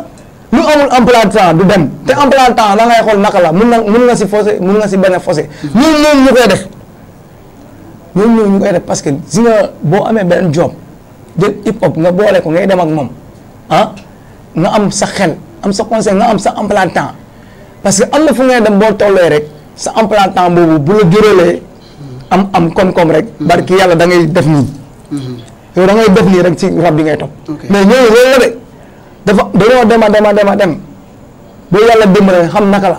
lu amul emploi du temps te emploi du temps da ngay xool naka la mun na mun nga si forcé mun nga si bañ a forcé. ñun ñooñu ñu koy def ñun ñooñu ñu koy def parce que si nga boo amee beneen job jël hip hop nga boole ko ngay dem ak moom ah. nga am sa xel am sa conseil nga am sa emploi temps parce que am na fu ngay dem boo tollee rek sa emploi temps boobu bu la jëralee am am koom-koom rek ki yàlla da ngay def nii mhm. yow da ngay def nii rek ci bi ngay topp dafa dañoo dema dema dem boo yàlla dimbale xam naka la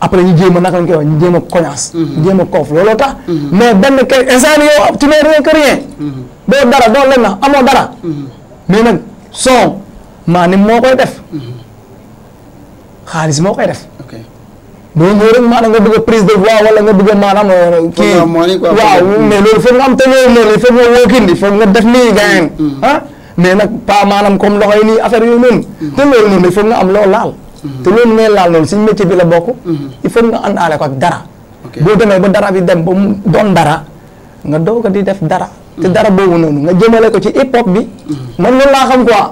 après ñu jéem a naka lañ koy wax ñu a coñaas mhm. ñu jéem a koof looloo tax mhm. mais benn kay instant yow tu n'es ka que rien doo dara doo lenn amoo dara mais nag son maanaam moo koy def xaalis moo koy def. doo ñëw rek nga bëgg a prise de voix wala nga bëgg a maanaam euh, kii waaw mais loolu foog nga am te loolu loolu foog nga nga def nii gayen mm-hmm. ah nag pas maanaam comme loxo yi affaire yooyu noonu mm-hmm. am loo laal mm-hmm. te loolu ngay laal noonu suñ métier bi la bokk il faut nga àndaale ko dara boo demee ba dara bi dem ba mu doon dara nga doog a di def dara te dara boobu noonu nga jëmale ko ci hip hop bi. man loolu laa xam quoi.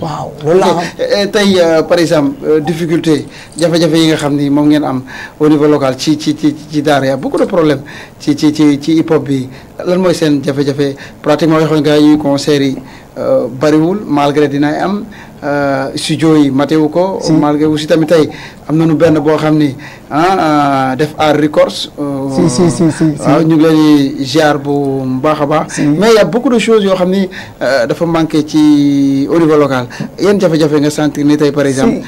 waaw loolu laa xam eh, eh, tey euh, par exemple euh, difficulté jafe-jafe yi nga xam ni moom ngeen am au niveau local ci ci ci ci daara ya beaucoup de problème ci ci ci ci hip hop bi lan mooy seen jafe-jafe pratiquement waxoon nga ñuy concert yi euh, bariwul malgré dinaay am. Euh, studio yi matewu ko. malgré si tamit tey am na nañu benn boo xam ni ah euh, def aar records. Euh, si si si si waaw ñu ngi leen di ziar bu baax a baax. mais y' a beaucoup de choses yoo xam ni dafa manqué ci au niveau local yan jafe-jafe nga sentir ni tey par exemple.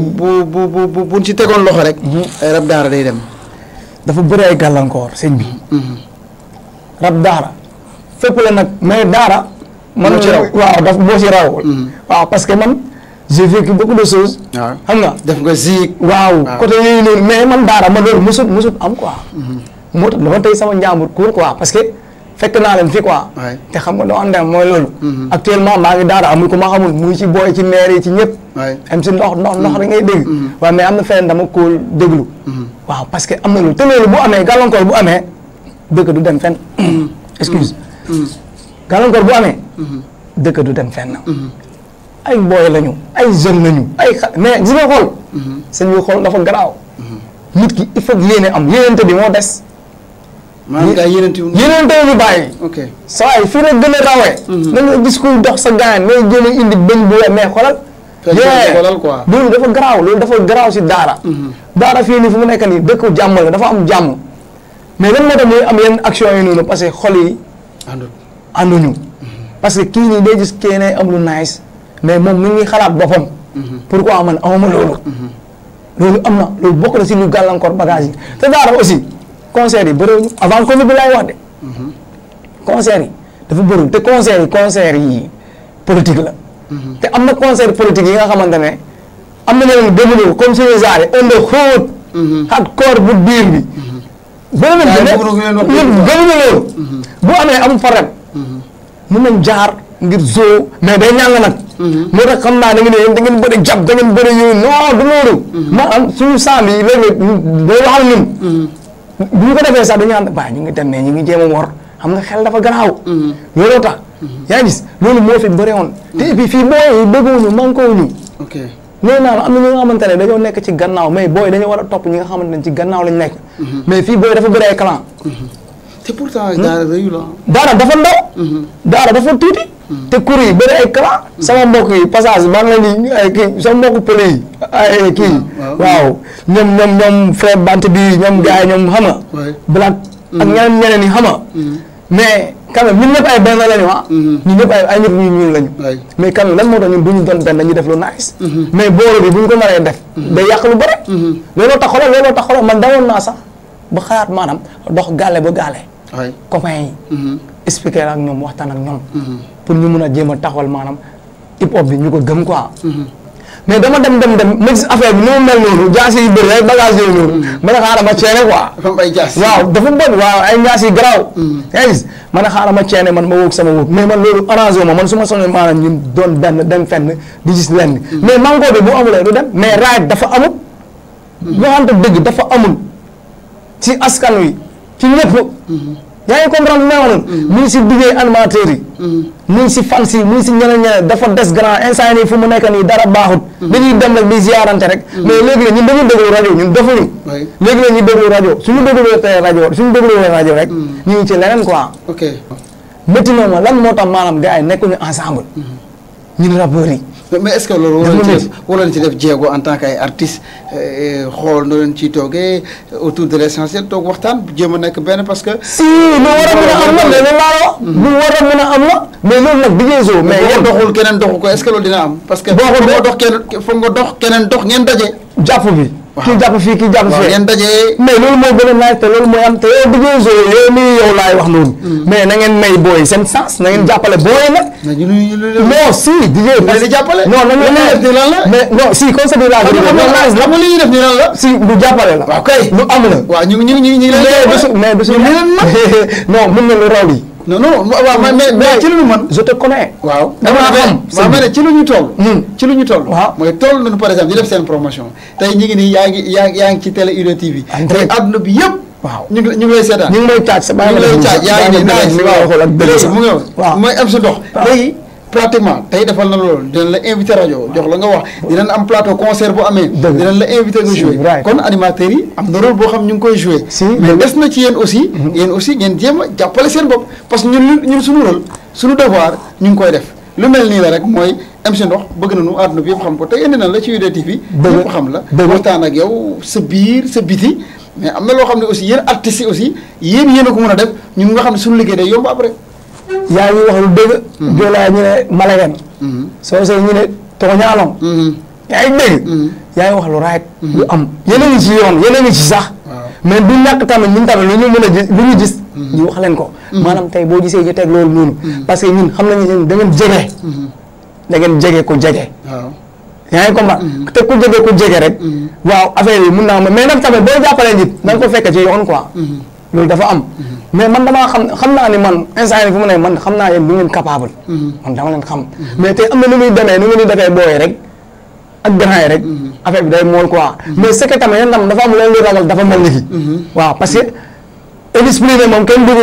bu bu bu bu buñ ci tegoon loxo rek. Mm-hmm. rab daara day dem. dafa bëri ay gàllankoor sëñ bi. Mm-hmm. rab daara fépp la nag mais daara. man ci raw waaw daf boo ci raw. waaw parce que man j'ai vécu beaucoup de choses. waaw xam nga def nga zik. waaw côté yooyu noonu mais man daara ma loolu mosut mosut am quoi. moo tax dama tey sama njàmbur kuur quoi parce que fekk naa leen fi quoi. te xam nga doo ànd ak mooy loolu. actuellement maa ngi daara amul ku ma xamul muy ci booy ci maire yi ci ñëpp. am si ndox ndox ndox da ngay dégg. waaw mais am na feneen dama kóol déglu. waaw parce que am na loolu te loolu bu amee gàllankoor bu amee dëkk du dem fenn. excuse. Ừ. Ừ. gàllankoor bu amee. Mhm. dëkk du dem fenn. Mhm. ay booy lañu ay jeune lañu ay xa mais gis nga xool. Mhm. sëñ bi xool dafa garaaw. nit ki il faut yéene am yéenante bi moo des. maanaam daal yéenante wu ñu bàyyi. ok saa yi fii nag gën na nga gis kuy dox sa gaan ngay jéem a indi bëñ bu mais xoolal. xoolal quoi loolu dafa garaaw loolu dafa garaaw si daara. daara fii nii fu mu nekk nii dëkk jàmm la dafa am jàmm. mais lan moo tax muy am yenn action yi noonu parce que xol yi. ànduñu parce que kii nii gis kii am lu nice mais moom mi xalaat boppam. pourquoi man amuma loolu. loolu am na loolu bokk gàllankoor bagage yi te daara aussi concert yi bëriwuñu de. concert yi dafa bëriwul te concert am na concert politique yi nga xamante ne am na ñooñu demulul comme suñu zaare bu biir bi. bëri na gën a gën a loolu. boo amee am problème. mu nañ jaar ngir zoo mais day ñàng nag. Mhm. moo rek xam naa da ngeen yéen da ngeen bëri jàpp da ngeen bëri yooyu non du loolu. Mhm. maanaam suñu saam yi léeg-léeg day waxal ñun. Mhm. bu ñu ko defee sax dañu ànd ba ñu ngi dem ne ñu ngi jéem a wor xam nga xel dafa garaaw. looloo tax. yaa ngi gis loolu fi bëri woon. te et puis fii booy yi bëgguñu naa am na ñi nga xamante ne dañoo nekk ci gannaaw mais booy dañoo war a topp ñi nga xamante ne ci gannaaw lañ nekk. mais fii booy dafa bëri ay clan te pourtant daara hmm? rëyul ah. daara dafa ndaw. Hmm. daara dafa tuuti. Hmm. te kur yi bëri ay clan. sama mbokk yi passage maa ngi leen di ay kii sama mbokku pële yi ay kii. Ah, waaw ñoom ñoom ñoom frère bant bi ñoom gars yi ñoom xama black ak ñeneen ñeneen yi xama mais quand même ñun ñëpp ay benn lañu ah. ñun ñëpp ay ay ñëpp ñu ñuul lañu. mais quand même moo tax ñun bu ñu doon benn dañuy def lu nice. mais boole bi bu ñu ko naree def. day yàq lu bëri. looloo tax xoolal looloo tax xoolal man dawoon naa sax bu xalaat maanaam dox gàlle ba gàlle. copains yi. Mm-hmm. expliquer ak ñoom waxtaan ak ñoom. Mm-hmm. pour ñu mun a jéem a taxawal maanaam hip hop bi ñu ko gëm quoi. Mm-hmm. mais dama dem dem dem ma affaire bi ni mu mel ma ne ma ceene quoi. dafa am ay jaas ay jaas ma ne xaaral ma ceene man ma wóog sama man loolu arrangé man su ma soññoon maanaam benn dem fenn di gis lenn. mais mango bi bu amulee du dem mais raay dafa amul. ñu waxante dëgg dafa amul si askan wi ci ñëpp. yaa ngi comprendre li ma mm-hmm. mu ngi si liggéey animateurs yi. Mm-hmm. mu ngi si fans yi mu ngi si ñeneen ñeneen dafa des grand instant yii fu mu nekk nii dara baaxut. Mm-hmm. dañuy dem nag di ziarante rek. mais léegi la ñun dañu déglu rajo ñun defuñu. léegi la ñuy déglu rajo suñu déglu tey rajo suñu déglu rajo rek. ñu ngi ci leneen quoi. ok métti na lan moo tax maanaam gars yi nekkuñu ensemble. ñun rappeurs yi. mais est-ce que def jéego en tant que ay artistes euh, xool no leen ciy toogee euh, autour de l'essentiel toog waxtaan jéem a nekk benn parce que. si lu war a mën a am la mais loolu laa wax. Hmm. lu am la. mais loolu nag bi ngay zoo. mais yéen doxul keneen doxu ko est dina am. parce que boo ko dox foog nga dox keneen dox ngeen daje. jàpp bi. kii jàpp fii kii jàpp fii mais loolu moo gën a naaj te loolu mooy am te yow dëggee zo yow nii yow laay wax noonu hmm. mais na ngeen may booy seen sens na jàppale booy na non si diggee parce que jàppale non na ngeen def la mais non bi laa gën a li ñu ni la si du la waaw lu am la waaw ñu ñu ñu ñu mais du si mais du <laughs> lu raw non non waaw mais mais ci lu waaw dama xam waaw ma ne ci lu ñu lu hmm. ñu toll. waaw mooy toll nañu par exemple ñu def seen promotion tey ñu ngi nii yaa ngi yaa yaa ngi ci télé Ida TV. tey adduna bi yëpp. waaw ñu ngi ñu ngi lay seetaan. ñu ngi lay caaj sa bàyyi yaa ngi nii naaj waaw mu ngi pratiquement tey defal na loolu dinañ la invité rajo jox la nga wax dinañ am plateau concert bu amee. dinañ la invité nga joué kon animateurs yi am na rôle boo xam ñu ngi koy joué. mais des na ci yéen aussi. Mm-hmm. yéen aussi ngeen a jàppale seen bopp parce que ñun ñun suñu rôle suñu devoir ñu ngi koy def lu mel nii la rek mooy. MC bëgg na nu àdduna bi yëpp xam ko te indi na la ci UD TV. dëgg yëpp xam la waxtaan ak yow am na loo xam ne aussi yéen artistes yi aussi yéen yéen a ko a def ñun nga xam ne suñu liggéey day yomb rek yaa ngi wax lu dëgg. joolaa ñu ne malagan. soo see ñu ne tooñaalon. yaa ngi dëgg. yaa ngi wax lu raayit lu am yéen a ngi ci yoon yeneen a ngi ci sax. mais du ñàkk tamit ñun tamit lu ñu mën a gis lu ñu gis. Mm-hmm. ñu wax leen ko. Mm-hmm. maanaam tey boo gisee ñu teg loolu noonu. Mm-hmm. parce que ñun xam nañu ne da ngeen jege. da ngeen jege ku jege. yaa ngi comprendre te ku jege ku jege rek. waaw affaire yi mun naa mais nag tamit boo jàppalee nit na nga ko fekk ci yoon quoi. loolu dafa am mais man damaa xam xam naa ne man instant yi fu mu ne man xam naa yéen du ngeen capable man dama leen xam mais tey am na nu muy demee nu ngeen di defee rek ak grand yi rek affaire bi day mool quoi mais c'est que tamit yéen tam dafa am leen lu ragal dafa mel ni ki waaw parce que indiscipliné moom kenn dugg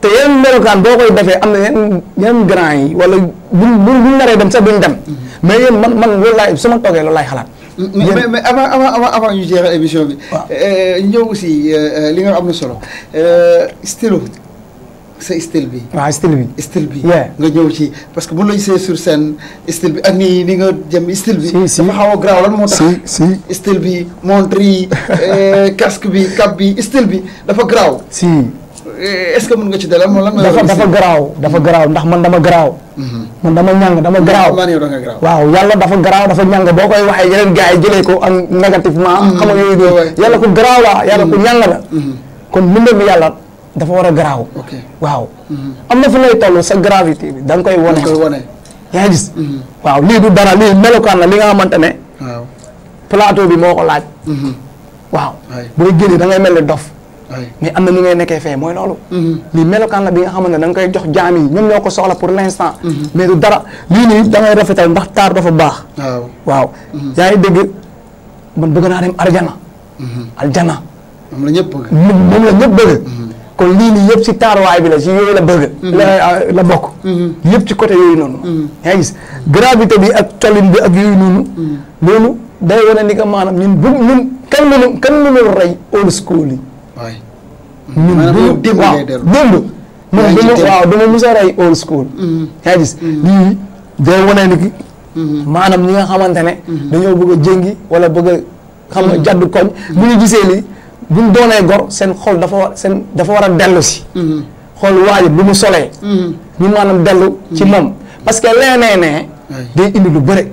te melokaan boo koy defee am na yeneen yeneen grand yi wala bu buñ naree dem sa duñ dem mais yéen man man loolu laay su toogee loolu laay xalaat mais mais avant avant avant ñu jeexal émission bi. Euh, ñëw aussi euh, euh, li nga am na solo stylo sa style bi. waaw style bi. style bi nga ñëw ci parce que bu la gisee sur scène style bi ak nii ni nga jëm style bi. si si dafa xaw a graaw lan moo bi montre yi <laughs> casque bi cap bi style bi dafa graaw. si. Eh, est-ce que mën nga ci dalal moom lan mooy. dafa dafa garaaw dafa garaaw ndax man dama garaaw. Mhm. man dama ñàng dama garaaw waaw yàlla dafa garaaw dafa ñàng boo koy waxee yeneen gars yi jëlee ko ak négativement. Mhm. xam nga yooyu de ku garaaw la ku mhm. ñàng la. kon mbindee mi yàlla dafa war a garaaw. waaw. am na fu lay toll sa gravité bi da nga koy wone. yaa ngi gis. waaw lii du dara lii melokaan la li nga xamante ne. plateau bi moo ko laaj. waaw boo génnee da mel ni dof. mais am na nu ngay nekkee fee mooy loolu lii mm-hmm. melokaan la bi nga xamante ne koy jox jaam yi ñoom ñoo ko soxla pour l'instant mm-hmm. mais du dara lii nii da ngay rafetal ndax taar dafa baax waaw mm-hmm. yaa ngi dégg man bëgg naa dem arjana aljana moom la ñëpp bëgg moom la ñëpp kon lii nii ci taaruwaay bi la ci yooyu la bëgg la ah, la bokk yëpp ci côté yooyu noonu yaa ngi bi ak colin bi ak yooyu noonu ni que maanaam ñun bu ñun kan mënu kan mënul rey old school yi waay. ñun bu ñu démb waaw démb. man du old school. Mm-hmm. Mm-hmm. lii day wane ni ki. Mm-hmm. maanaam ñi nga xamante ne. dañoo bëgg a jéngi wala bëgg a xam nga jàddu koñ. bu ñu gisee lii bu ñu doonee gor seen xol dafa war dafa war a dellu si. xool waajur bu mu solee. ñu maanaam dellu ci moom parce que leneen ne day indi lu bëre.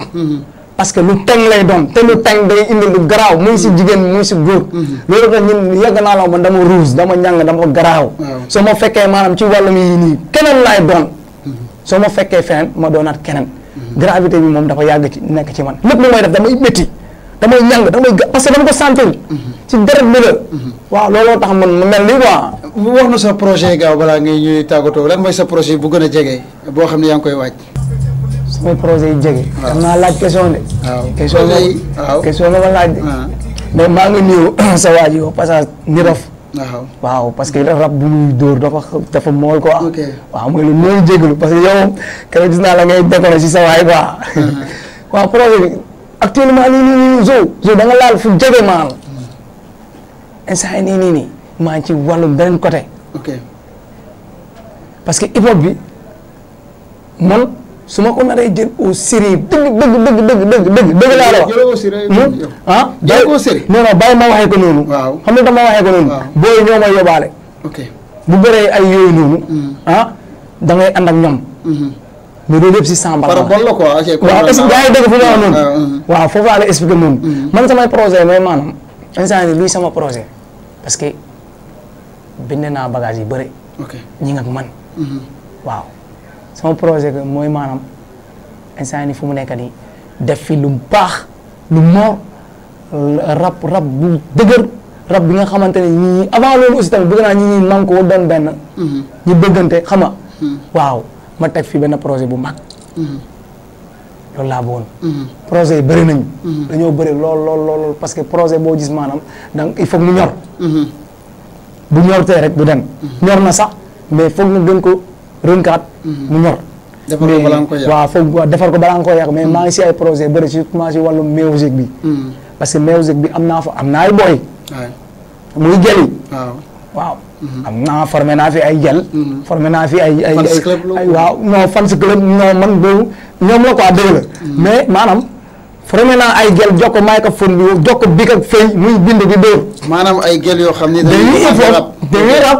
parce que lu teng lay doon te lu teng day indi lu graw muy ci jigen muy ci goor mhm. lolu tax ñun yegg na la man dama rouge dama ñang dama graw so mo fekkee manam ci wàllum yi ni kenen lay doon mhm. so mo fekkee fen ma doonaat kenen mhm. gravité bi mom dafa yàgg ci nek ci man lepp lu may def dama metti dama ñang dama parce que dama ko sentir ci dérëb bi la waaw lolu tax man mu melni ni quoi wax na sa projet gaaw bala ngay ñuy tagoto lan moy sa projet bu gëna jégué bo xamni yang koy wacc muy projet yi jege. waaw naa laaj question de. question la question la de. Ah. maa ngi nuyu <clears throat> sa waa passage ni raf. waaw waaw que rab bu muy dóor dafa dafa mool quoi. ok waaw mooy lu mooy que yow keroog gis naa la ngay décoller si sa <laughs> nga laal fu jege maa instant nii nii maa ci wàllu beneen côté. ok parce bi man. su ma ko naree jël au sérieux dëgg dëgg dëgg dëgg dëgg dëgg dëgg laa la wax ah bàyyi ko sérieux non non bàyyi ma waxee ko noonu xam nga dama waxee ko noonu booy ñoo ma yóbbaale bu bëree ay yooyu noonu hmm. ah da ngay ànd ak ñoom hmm. mais loolu yëpp si samba la waaw est-ce que yaa ngi dégg fu ma wax noonu hmm. waaw foofu laa la expliqué noonu man samay projet mais maanaam instant yi luy sama projet parce que bind naa bagage yi bëri ñi nga ak man waaw sama projet que mooy maanaam instant ni fu mu nekk nii def fi lu baax lu moor rab rab bu dëgër rab bi nga xamante ne ñi avant loolu aussi tamit bëgg naa ñi ñi man ko doon benn mm-hmm. ñu bëggante xama mm-hmm. waaw ma teg fi benn projet bu mag mm-hmm. loolu laa bëggoon projet yi bëri nañu dañoo bëri lool lool lool parce que projet boo gis maanaam donc il faut mu ñor bu ñortee rek du dem ñor na sax mais foog nga gën ko rënkaat mm-hmm. mu ñor defar ko balaa defar ko balaa nga koy yàq mm-hmm. maa si ay projet bëri surtout si wàllum musique bi mm-hmm. parce que musique bi am naa fa am na ay booy muy jëli waaw waaw am naa formé naa fi ay jël formé naa fi ay ay ay waaw non fans club man boobu ñoom la quoi dëgg la mais maanaam formé naa ay gel jokko microphone bi jokko bik ak fëy muy bind di dóor maanaam ay yoo xam ne rab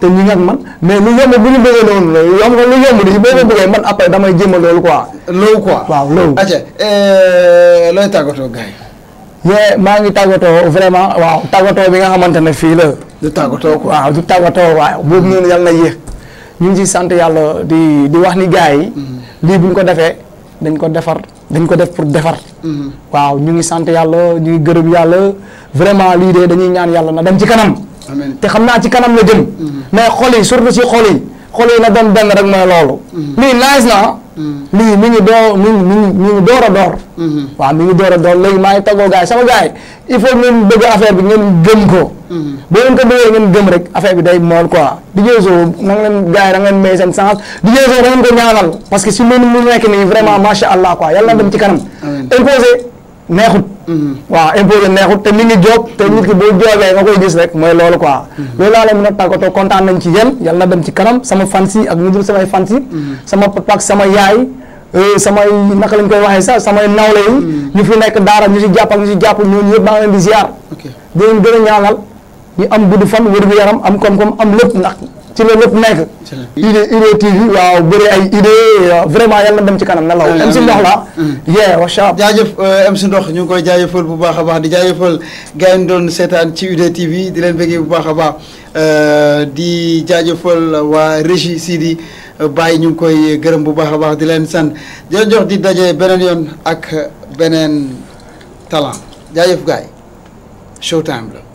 te ñi nga ak man mais lu yomb bu ñu bëggee noonu la yomb lu yomb di boo ko bëggee man après damay jéem a loolu quoi. loolu ko waaw loolu. acca euh, looy tàggatoo gars yi. maa ngi tàggatoo vraiment waaw tàggatoo bi nga xamante ne fii la. du tàggatoo quoi waaw du tàggatoo waaw boobu noonu yàlla na yéex. ñu ngi si sant yàlla di di wax ni gars yi. Mm-hmm. lii bu ñu ko defee dañ ko defar dañ ko def pour defar. Mm-hmm. waaw ñu ngi sant yàlla ñu ngi gërëm yàlla vraiment lii de dañuy ñaan yàlla na dem ci kanam. te xam naa ci kanam la jëm mm-hmm. mais xol yi surtout ci xol yi na doon benn rek mooy loolu mm-hmm. lii nice na mm-hmm. lii mi ngi doo mi ngi mi ngi mi door a door waaw mi ngi door a door léegi maa ngi tagoo gars yi sama gars yi il faut ngeen bëgg affaire bi ngeen gëm ko boo leen ko bëggee ngeen gëm rek affaire bi day mool quoi di jeeso na ngeen gars yi da ngeen may seen sens di jeeso da ngeen ko ñaanal parce que si loolu mu nekk nii vraiment macha allah quoi yàlla na dem ci kanam imposé neexut. Mm-hmm. waaw imposé neexut te mi ngi jóob te nit ki boo joobee nga koy gis rek mooy loolu quoi. Mm-hmm. loolu laa leen mën a tàggatoo kontaan nañ ci yéen yal na dem ci kanam sama fansi ak ñu dul samay fans yi. Mm-hmm. sama papa ak sama yaay. Euh, sama naka lañ koy waxee sax samay nawle yi. ñu fi nekk daara ñu si jàpp ak ñu si jàpp ñooñu yëpp maa ngi leen di ziar. ok di leen gën ñaanal ñu am gudd fan wér gu yaram am koom-koom am lépp ndax. ci la lépp nekk. bëri ay idée vraiment dem ci kanam na law. MC Ndokh la. yee macha allah. jaajëf euh, ñu ngi koy jaajëfal bu baax a baax di jaajëfal gars yi ñu doon seetaan ci idée TV di leen bëggee bu baax a baax euh, di jaajëfal waa régie Sidi euh, Baye ñu ngi koy gërëm bu baax a baax di leen sant di leen jox di daje beneen yoon ak beneen talent jaajëf gars yi show time la.